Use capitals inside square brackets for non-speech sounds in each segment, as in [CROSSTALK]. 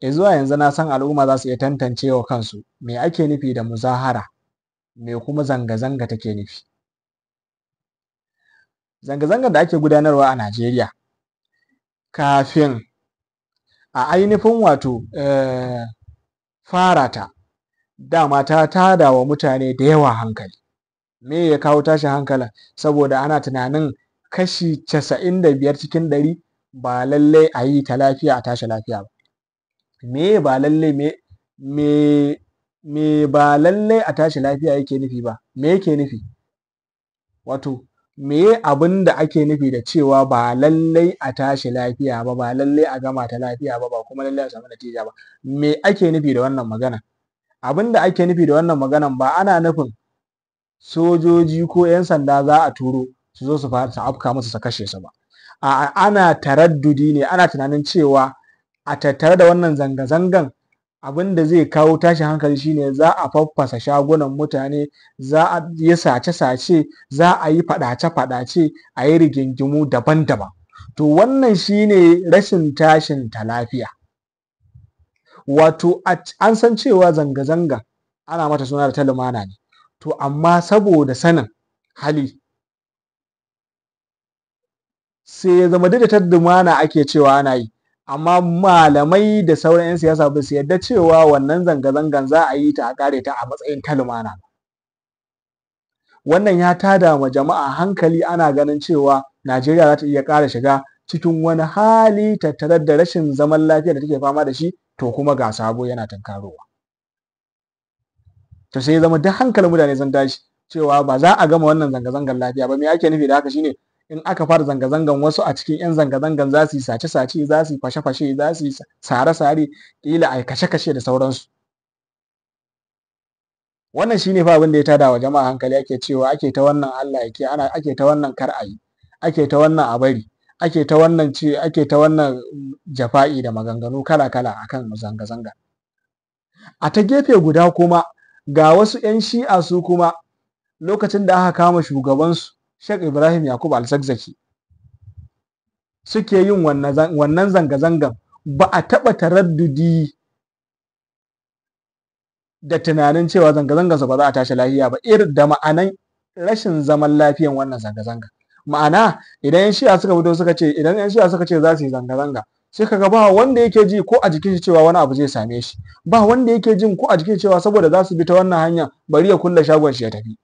e zuwa yanzu na san al'umma za su iya tantance wa kansu me ake nufi da muzahara me kuma zanga-zanga take nufi zanga-zangar da ake gudanarwa a najeriya kafin a ainihin wato eh, fara ta dama ta tada wa mutane da yawa hankali me ya kawo tashin hankalin saboda ana tunanin kashi casa'in da biyar cikin ɗari ba lallai a yi ta lafiya a tashi lafiya ba me ba lalle me ba lalle a tashi lafiya yake nufi ba me yake nufi wato me abin da ake nufi da cewa ba lallai a tashi lafiya ba ba lallai a gama ta lafiya ba ba kuma lallai a samu natija ba me ake nufi da wannan magana abin da ake nufi da wannan maganan ba ana nufin sojoji ko 'yan sanda za a turo su zo su afka musu su kashe su ba A'a ana taraddudi ne ana tunanin cewa a tattare da wannan zanga-zangan abin da zai kawo tashin hankali shine za a faffasa shagunan mutane za a yi sace-sace za a yi faɗace-faɗace a yi rigingimu daban-daban to wannan shine rashin tashin ta lafiya wato an san cewa zanga-zanga ana mata suna da ta lumana ne to amma saboda sanin hali sai ya zama duk da ta ake cewa ana yi amma malamai da sauran 'yan siyasa ba su yadda cewa wannan zanga-zangan za a yi ta a kare ta a matsayin kalmana wannan ya tada ma jama'a hankali ana ganin cewa najeriya za ta iya kara shiga cikin wani hali tattare da rashin zaman lafiya da take fama da shi to kuma ga sabo yana tankarowa to sai zama duk hankalin mutane sun tashi cewa ba za a gama wannan zanga-zangar lafiya ba me ake nufi da haka shine in aka fara zanga-zangan wasu a cikin 'yan zanga-zangan za su yi sace-sace za su yi fashe-fashe za su yi sare-sare ƙila a kashe-kashe da sauransu wannan shine fa abin da ya tada wa jama'a hankali ake cewa ake ta wannan Allah yake ana ake ta wannan kar a yi, ake ta wannan a bari ake ta wannan ce ake ta wannan jafa'i da maganganu kala-kala akan zanga-zanga a ta gefe guda kuma ga wasu 'yan shi'a su kuma lokacin da aka kama shugabansu Sheikh Ibrahim Yakubu Alzakzaki suke yin wannan zanga-zangan ba a taɓa taraddudi da tunanin cewa zanga-zangarsa ba za a tashi lafiya ba irin da ma'anan rashin zaman lafiyan wannan zanga-zanga ma'ana idan yan shi'a suka fito suka ce idan yan shi'a suka ce za su yi zanga-zanga sai kaga ba wanda yake ji ko a jikin shi cewa wani abu zai same shi ba wanda yake jin ko a jikin cewa saboda za su bi ta wannan hanya bari ya kulle shagon shi ya tafi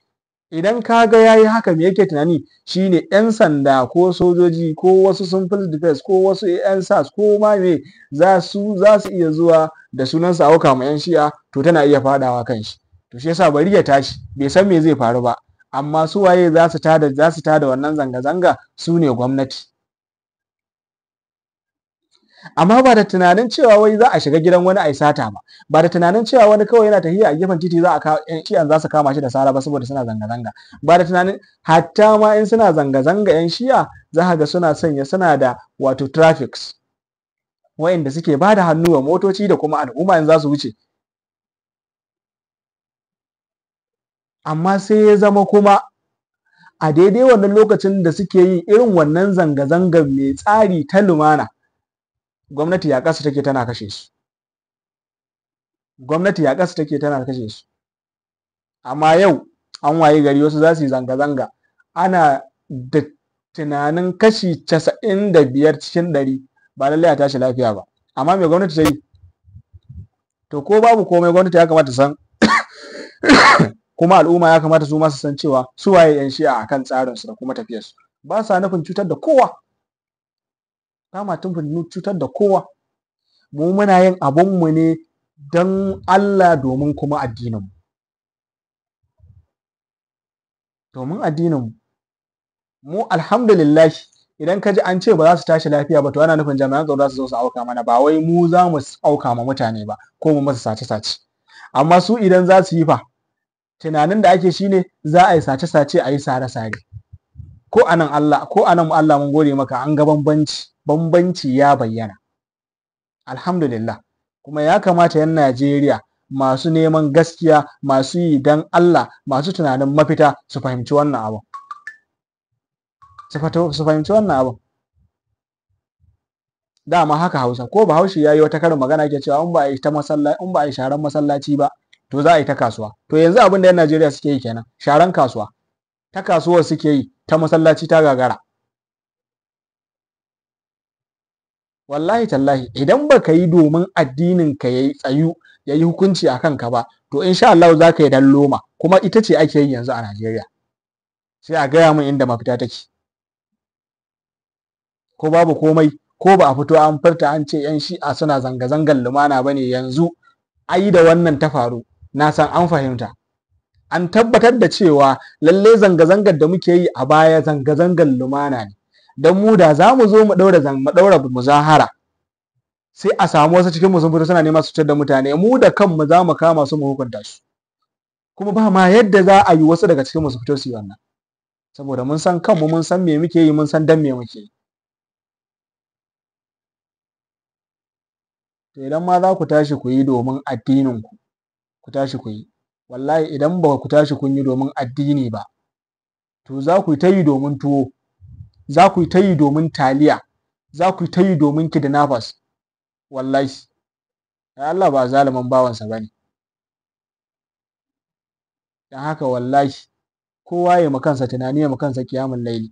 idan ka ga ya yi haka me yake tunani shi ne 'yan sanda ko sojoji ko wasu simple defense ko wasu 'yan sas ko ma me za su iya zuwa da sunan sa auka 'yan shi'a to tana iya fadawa kan shi to shi yasa bari ya tashi bai san me zai faru ba amma su waye za su za su tada wannan zanga-zanga su ne gwamnati amma ba da tunanin cewa wai za a shiga gidan wani a yi sata ba ba da tunanin cewa wani kawai yana tafiya a gefen titi za a kawo yan za su kama shi da sara ba saboda suna zanga-zanga ba da tunanin hatta ma in suna zanga-zanga yan shi'a za a ga suna sanya suna da wato traffics wa'inda suke ba da hannu wa motoci da kuma al'umma in za su wuce amma sai ya zama kuma a daidai wannan lokacin da suke yi irin wannan zanga-zangar mai tsari ta lumana gwamnati ya ƙasa take tana kashe su gwamnati ya ƙasa take tana kashe su amma yau an waye gari wasu za su yi zanga-zanga ana da tunanin kashi casa'in da biyar cikin ɗari ba lallai a tashi lafiya ba amma mai gwamnati ta yi to ko babu komai gwamnati ya kamata san [COUGHS] kuma al'umma ya kamata su masu san cewa su waye yan shi'a akan tsarin su da kuma tafiyarsu ba sa nufin cutar da kowa ba ma tufin cutar da kowa mu muna yin mu ne don Allah domin kuma addininmu domin addininmu mu alhamdulillah idan ka ji an ce ba za su tashi lafiya ba to ana nufin jami'an tsaro za su zo su auka mana ba wai mu za mu auka ma mutane ba ko mu masa sace-sace amma su idan za su yi fa tunanin da ake shine za a yi sace-sace a yi sare-sare ko anan Allah ko anan Allah mun gode maka an ga bambanci bambanci ya bayyana alhamdulillah kuma ya kamata yan Najeriya masu neman gaskiya masu yi dan Allah masu tunanin mafita su fahimci wannan abu su fahimci wannan abu dama haka Hausa ko Bahaushe yayi wata karin magana yake cewa in ba a yi ta masallaci in ba a yi sharan masallaci ba to za a yi ta kasuwa to yanzu abin da yan Najeriya suke yi kenan sharan kasuwa ta kasuwar suke yi ta masallaci ta gagara wallahi tallahi idan baka yi domin addinin ka yayi tsayu ya yi hukunci a kanka ba to insha Allah za ka yi dan loma kuma ita ce ake yi yanzu a Najeriya sai a gaya min inda mafita take ko babu komai ko ba a fito an furta an ce yan shi'a suna zanga-zangar lumana ba ne yanzu ai da wannan ta faru na san an fahimta an tabbatar da cewa lalle zanga-zangar da muke yi a baya zanga-zangar lumana ne don mu da za mu zo mu ɗaura mu zahara muzahara sai a samu wasu cikin sun fito suna neman su cutar da mutane mu da kanmu za mu kama su mu hukunta su kuma ba ma yadda za a yi wasu daga cikin su fito su yi wannan saboda mun san kanmu mun san me muke yi mun san dan me muke yi to idan ma za ku tashi ku yi domin addinin ku ku tashi ku yi wallahi idan ba ku tashi kun yi domin addini ba to za ku yi ta yi domin tuwo za ku yi ta yi domin taliya za ku yi ta yi domin kidnappers wallahi ya Allah ba zaliman bawansa ba ne don haka wallahi kowa ya makansa tunani ya makansa kiyamun laili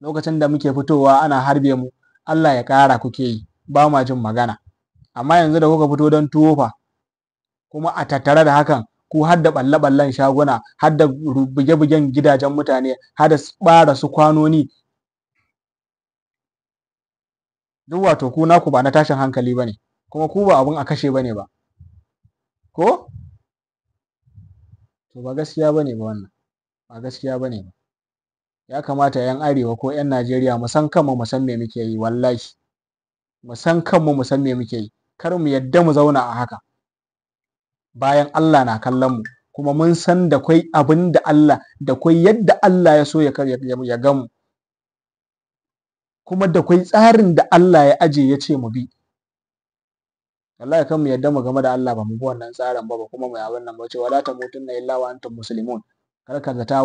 lokacin da muke fitowa ana harbe mu Allah ya ƙara kuke yi ba ma jin magana amma yanzu da kuka fito don tuwo fa kuma a tattare da hakan ku har da balle-ballen shaguna har da buge-bugen gidajen mutane har da bara su kwanoni duk wato ku naku ba na tashin hankali ba ne kuma ku ba abun a kashe ba ne ba ko to ba gaskiya ba ne ba wannan ba gaskiya ba ne ba ya kamata 'yan arewa ko 'yan najeriya mu san kanmu mu san me muke yi wallahi mu san kanmu mu san me muke yi kar mu yadda mu zauna a haka bayan Allah na kallon mu kuma mun san da kwai abin da Allah da kwai yadda Allah ya so ya ya gamu kuma da kwai tsarin da Allah ya aje ya ce mu bi Allah kan mu yadda mu game da Allah ba mu bi wannan tsarin ba ba kuma mu abin nan ba ce wala tamutunna illa wa antum muslimun kar ka zata